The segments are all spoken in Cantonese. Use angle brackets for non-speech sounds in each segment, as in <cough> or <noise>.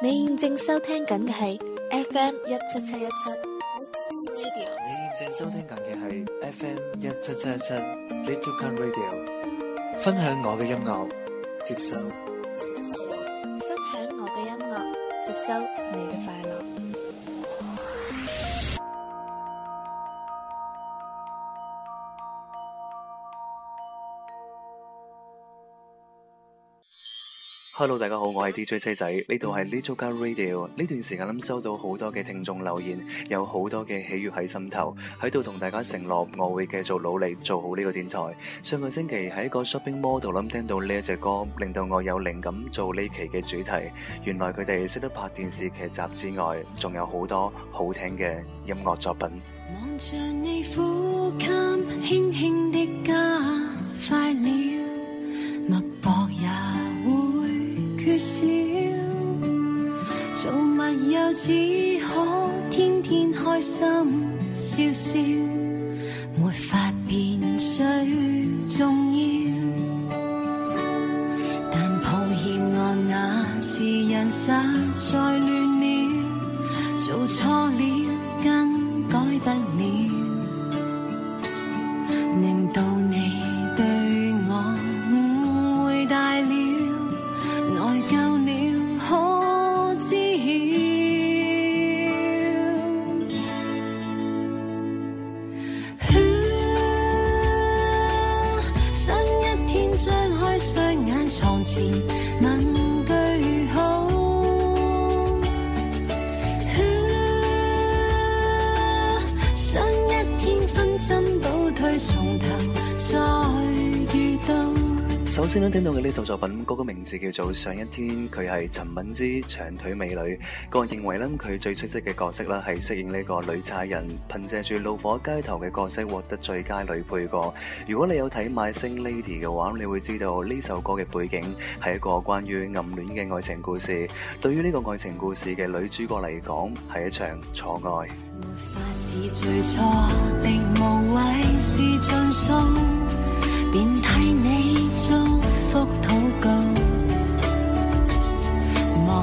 你現正收聽緊嘅係 FM 一七七一七 Radio，你現正收聽緊嘅係 FM 一七七一七，Little Come Radio。分享我嘅音樂，接收。分享我嘅音樂，接收你嘅快。hello，大家好，我係 DJ 車仔，呢度係 Little Car Radio。呢段時間收到好多嘅聽眾留言，有好多嘅喜悦喺心頭，喺度同大家承諾，我會繼續努力做好呢個電台。上個星期喺一個 shopping model 諗，聽到呢一隻歌，令到我有靈感做呢期嘅主題。原來佢哋識得拍電視劇集之外，仲有好多好聽嘅音樂作品。望住你首先咧，聽到嘅呢首作品，歌、那、嘅、個、名字叫做上一天，佢係陳敏之，長腿美女。個人認為咧，佢最出色嘅角色咧係飾演呢個女差人，憑借住怒火街頭嘅角色獲得最佳女配角。如果你有睇《My Sing Lady》嘅話，你會知道呢首歌嘅背景係一個關於暗戀嘅愛情故事。對於呢個愛情故事嘅女主角嚟講，係一場錯愛。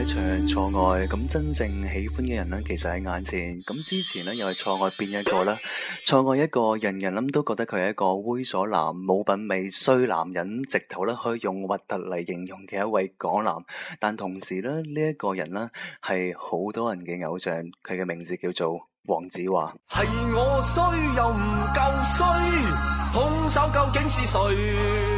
一場錯愛，咁真正喜歡嘅人呢，其實喺眼前。咁之前呢，又係錯愛邊一個咧？錯愛一個人人諗都覺得佢係一個猥瑣男、冇品味、衰男人，直頭呢可以用核突嚟形容嘅一位港男。但同時呢，呢、這、一個人呢，係好多人嘅偶像，佢嘅名字叫做黃子華。係我衰，又唔夠衰，兇手究竟是誰？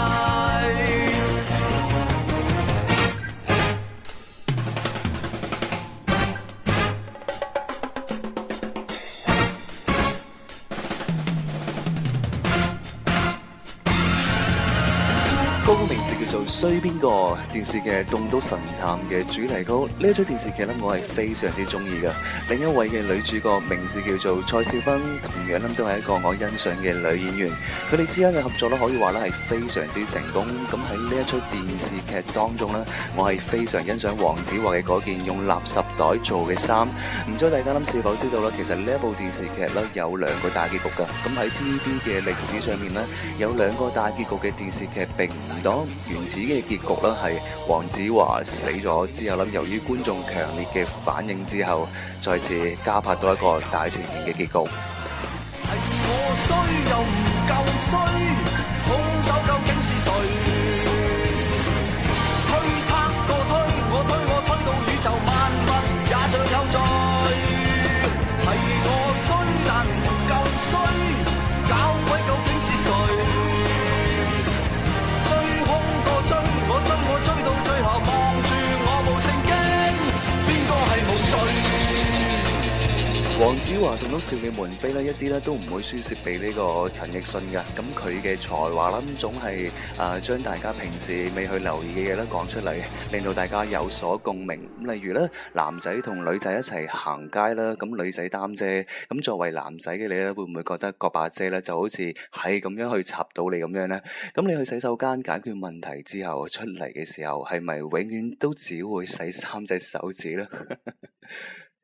歌曲名字叫做《衰邊個》，電視劇《棟篤神探》嘅主題曲。呢一齣電視劇咧，我係非常之中意嘅。另一位嘅女主角名字叫做蔡少芬，同樣諗都係一個我欣賞嘅女演員。佢哋之間嘅合作咧，可以話咧係非常之成功。咁喺呢一齣電視劇當中咧，我係非常欣賞黃子華嘅嗰件用垃圾袋做嘅衫。唔知大家諗是否知道咧？其實呢一部電視劇咧有兩個大結局嘅。咁喺 TVB 嘅歷史上面咧，有兩個大結局嘅電視劇並。當原子嘅結局咧，係黃子華死咗之後，諗由於觀眾強烈嘅反應之後，再次加拍到一個大團圓嘅結局。黃子華同到少女門飛呢，一啲呢都唔會輸蝕俾呢個陳奕迅嘅。咁佢嘅才華啦，總係啊，將大家平時未去留意嘅嘢咧講出嚟，令到大家有所共鳴。咁例如咧，男仔同女仔一齊行街啦，咁女仔擔遮，咁作為男仔嘅你呢，會唔會覺得個把遮咧就好似係咁樣去插到你咁樣呢？咁你去洗手間解決問題之後出嚟嘅時候，係咪永遠都只會洗三隻手指呢？ <laughs>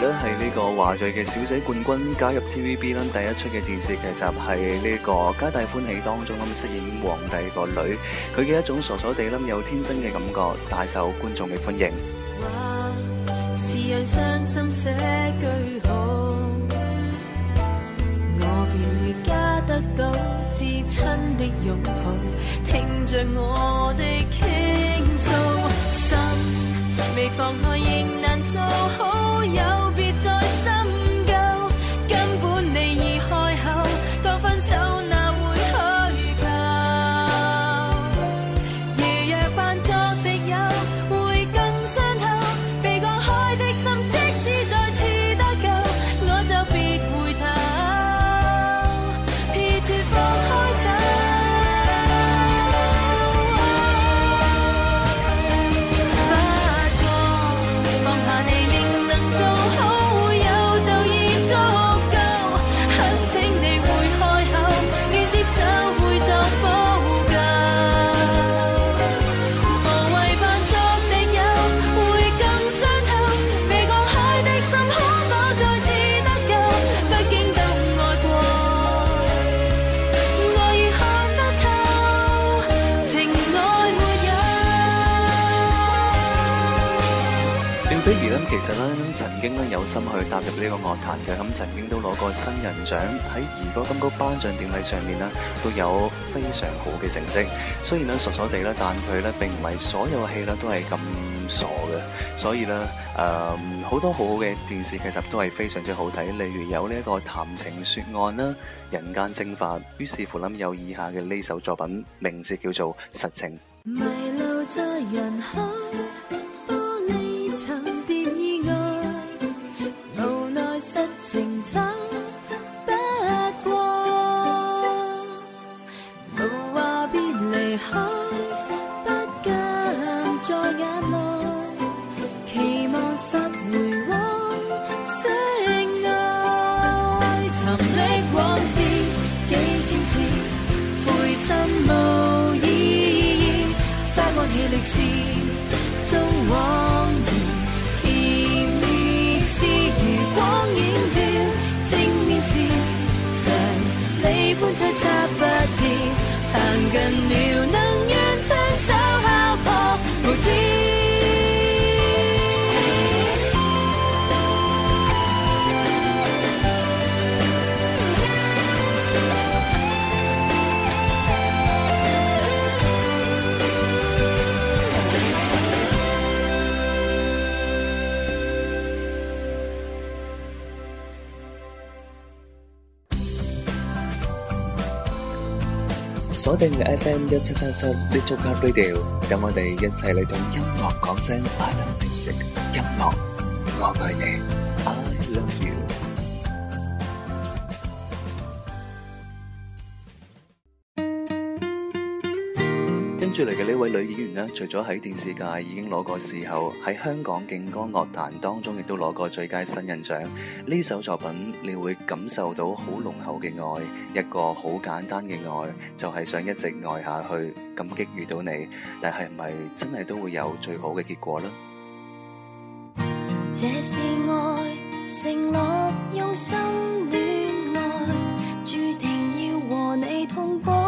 咧係呢個華裔嘅小姐冠軍加入 TVB 啦，第一出嘅電視劇集係呢個《皆大歡喜》當中咁飾演皇帝個女，佢嘅一種傻傻地有天生嘅感覺，大受觀眾嘅歡迎。咧、嗯、曾經咧有心去踏入呢個樂壇嘅，咁、嗯、曾經都攞過新人獎，喺兒歌金曲頒獎典禮上面呢，都有非常好嘅成績。雖然呢傻傻地啦，但佢呢並唔係所有戲咧都係咁傻嘅。所以呢，誒、嗯、好多好好嘅電視劇集都係非常之好睇。例如有呢一個《談情說案》啦，《人間蒸發》。於是乎諗有以下嘅呢首作品，名字叫做《實情》。迷路在人鎖定嘅 FM 一七三七的獨家 radio，等我哋一齊嚟同音樂講聲 I love music，音樂我愛你。出嚟嘅呢位女演員咧，除咗喺電視界已經攞過視后，喺香港勁歌樂壇當中亦都攞過最佳新人獎。呢首作品你會感受到好濃厚嘅愛，一個好簡單嘅愛，就係想一直愛下去，感激遇到你，但係唔係真係都會有最好嘅結果咧。這是愛，承諾用心戀愛，注定要和你同步。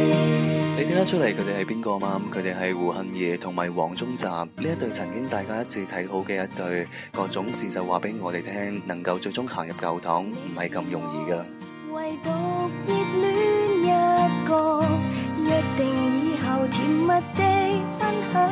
你聽得出嚟佢哋係邊個嘛？佢哋係胡杏兒同埋黃宗澤呢一對，曾經大家一致睇好嘅一對，各種事就話俾我哋聽，能夠最終行入教堂唔係咁容易噶。熱戀一個，約定以後甜蜜地分享。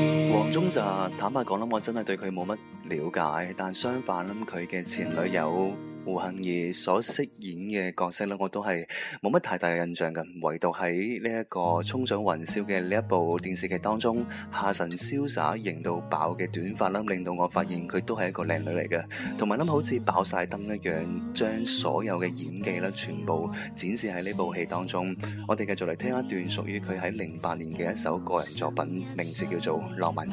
中就坦白講啦，我真係對佢冇乜瞭解。但相反啦，佢嘅前女友胡杏兒所飾演嘅角色咧，我都係冇乜太大嘅印象嘅。唯獨喺呢一個衝上雲霄嘅呢一部電視劇當中，夏晨瀟灑型到爆嘅短髮啦，令到我發現佢都係一個靚女嚟嘅。同埋咧，好似爆曬燈一樣，將所有嘅演技咧全部展示喺呢部戲當中。我哋繼續嚟聽一段屬於佢喺零八年嘅一首個人作品，名字叫做《浪漫》。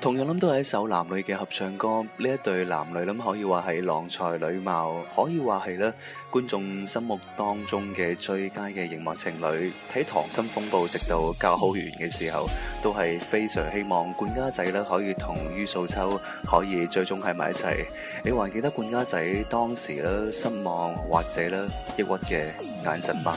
同樣諗都係一首男女嘅合唱歌，呢一對男女諗可以話係郎才女貌，可以話係咧觀眾心目當中嘅最佳嘅熒幕情侶。睇《溏心風暴》直到教好完嘅時候，都係非常希望管家仔咧可以同于素秋可以最終喺埋一齊。你還記得管家仔當時咧失望或者咧抑鬱嘅眼神嗎？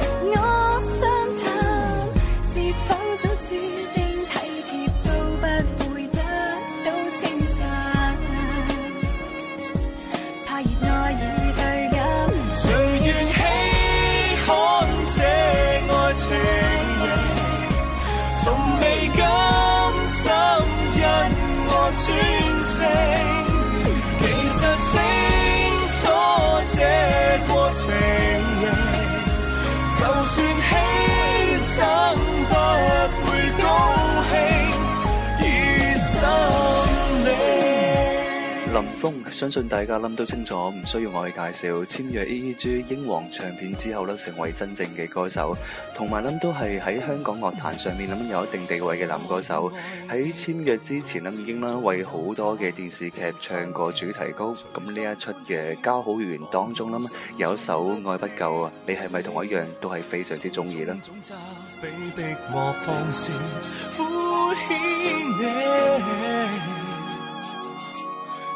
相信大家諗都清楚，唔需要我去介紹。簽約 EEG 英皇唱片之後咧，成為真正嘅歌手，同埋諗都係喺香港樂壇上面諗有一定地位嘅男歌手。喺簽約之前咧，已經啦為好多嘅電視劇唱過主題曲。咁呢一齣嘅《交好緣》當中啦，有一首《愛不夠》，你係咪同我一樣都係非常之中意咧？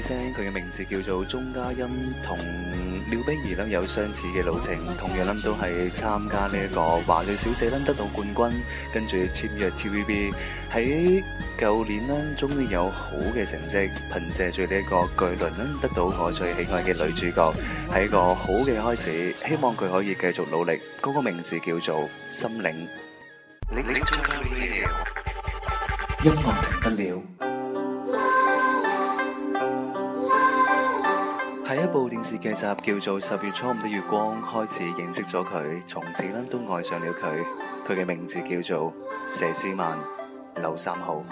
聲佢嘅名字叫做鍾嘉欣，同廖碧兒咧有相似嘅路程，同樣咧都係參加呢一個華裔小姐咧得到冠軍，跟住簽約 TVB。喺舊年咧終於有好嘅成績，憑借住呢一個巨輪咧得到我最喜愛嘅女主角，係一個好嘅開始。希望佢可以繼續努力。嗰個名字叫做心靈音樂停不了。喺一部電視劇集叫做《十月初五的月光》，開始認識咗佢，從此呢都愛上了佢。佢嘅名字叫做佘詩曼，劉三好。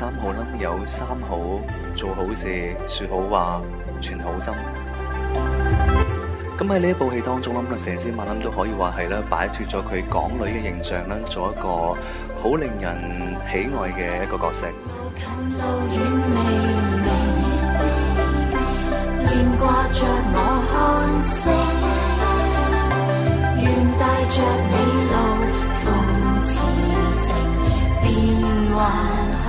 三好冧有三好，做好事說好話，存好心。咁喺呢一部戲當中咧，佘詩曼咧都可以話係咧擺脫咗佢港女嘅形象咧，做一個好令人喜愛嘅一個角色。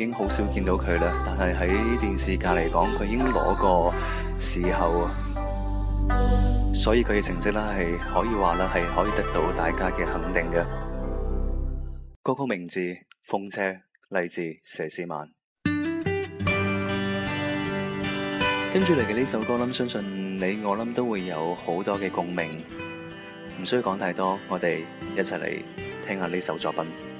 已經好少見到佢啦，但係喺電視界嚟講，佢已經攞過視后，所以佢嘅成績咧係可以話啦，係可以得到大家嘅肯定嘅。歌曲名字《風車》，嚟自佘詩曼。跟住嚟嘅呢首歌，諗相信你我諗都會有好多嘅共鳴，唔需要講太多，我哋一齊嚟聽下呢首作品。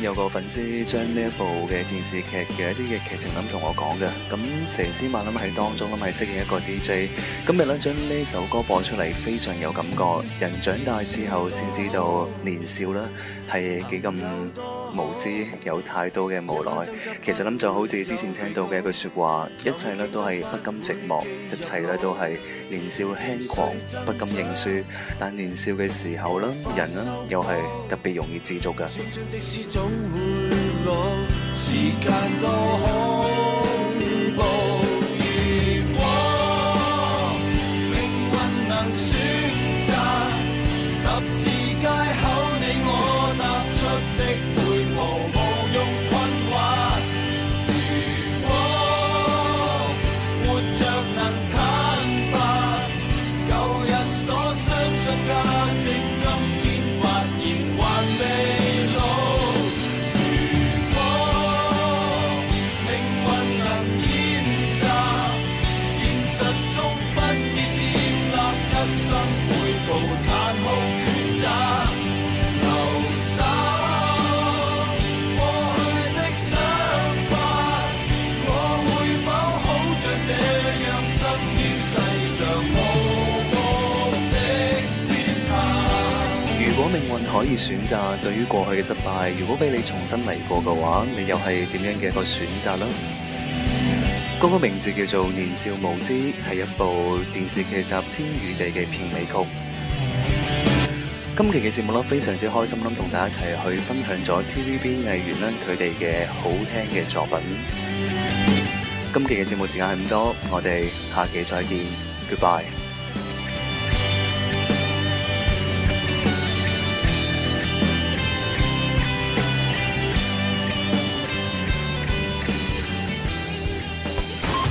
有個粉絲將呢一部嘅電視劇嘅一啲嘅劇情咁同我講嘅，咁佘詩曼諗喺當中諗係飾演一個 DJ，今日呢，將呢首歌播出嚟，非常有感覺。人長大之後先知道年少啦係幾咁。無知有太多嘅無奈，其實諗就好似之前聽到嘅一句說話，一切呢都係不甘寂寞，一切呢都係年少輕狂，不甘認輸。但年少嘅時候咧，人呢又係特別容易知足㗎。命運可以選擇，對於過去嘅失敗，如果俾你重新嚟過嘅話，你又係點樣嘅一個選擇啦？歌嘅名字叫做《年少無知》，係一部電視劇集《天與地》嘅片尾曲。今期嘅節目非常之開心啦，同大家一齊去分享咗 TVB 藝員咧佢哋嘅好聽嘅作品。今期嘅節目時間係咁多，我哋下期再見，Goodbye。